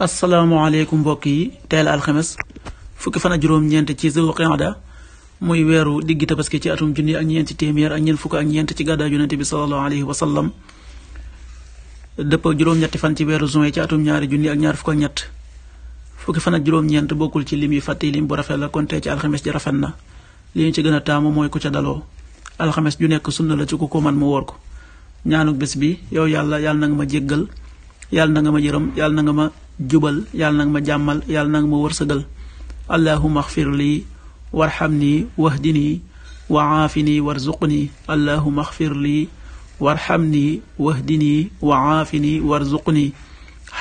asalaamaaleykum mbokk yi teel alxames fukki fan ak juróom-ñeent ci Zul Qiyada muy weeru diggi tabaski ci atum junni ak ñeenti téeméer ak ñeent fukk ak ñeent ci gàddaa yonente bi sallallahu alayhi wa sallam dëpp juróom-ñetti fan ci weeru juin ci atum ñaari junni ak ñaar fukk ak ñett fukki fan juróom-ñeent bokkul ci lim yi fàtte lim bu rafet la kon tey ci alxames ji rafet na li ñu ci gën a taamu mooy ku ca daloo alxames ju nekk sunna la ci ku ko man mu woor ko ñaanuk bés bi yow yàlla yàlla na nga ma jéggal yàlla na nga ma yërëm yàlla na nga ma jubal yàlla nag ma jàmmal yàlla nag ma wërsëgal allahuma axfir lii warxam nii wahdinii wa aafini warzuqnii allahuma axfir lii warxam nii wahdinii wa aafini warzuqnii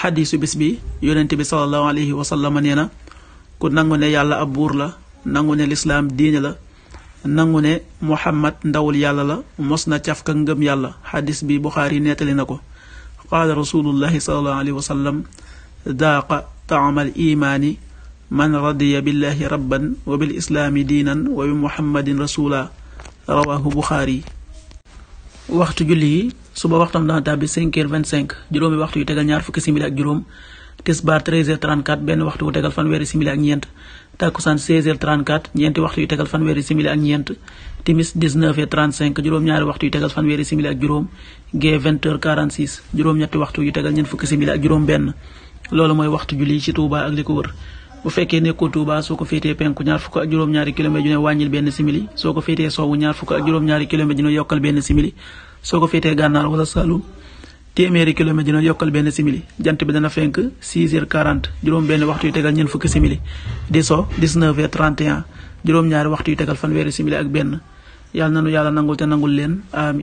xadiisu bis bi yonente bi salallahu alayhi wa sallama nee na ku nangu ne yàlla ab buur la nangu ne lislaam diine la nangu ne muhammad ndawul yàlla la mos na caf ka yàlla xadis bi buxaari nettali na ko qaala rasulullahi salallahu alayhi wa sallam daaqa taama al imaani man radiya billahi rabban wa bil islaami diinan wa bi muhammadin rasula rawaahu buxaari waxtu julli yi suba waxtam dana tàbbi 5 heures 25 juróomi waxtu yu tegal ñaar fukki simili ak juróom tisbaar 13 heures 34 benn waxtu wu tegal fanweeri simili ak ñeent tàkkusaan 16 heures 34 ñeenti waxtu yu tegal fanweeri simili ak ñeent timis 19 heures 35 juróom-ñaari waxtu yu tegal fanweeri simili ak juróom gee 20 heures 46 juróom-ñetti waxtu yu tegal ñeent fukki simili ak juróom benn loolu mooy waxtu julli ci Touba ak li ko wër bu fekkee nekkoo Touba soo ko féetee penku ñaar fukk ak juróom-ñaari kilomètre ju ne wàññil benn simili soo ko féetee sowwu ñaar fukk ak juróom-ñaari kilomètre ju ne yokkal benn simili soo ko féetee gànnaar wala yokkal benn simili jant bi dana fenk 6 heures 40 juróom benn waxtu yu tegal ñeent fukki simili di so 19 heures 31 juróom-ñaari waxtu yu tegal fanweeri simili ak benn yàlla nanu yàlla nangul te nangul leen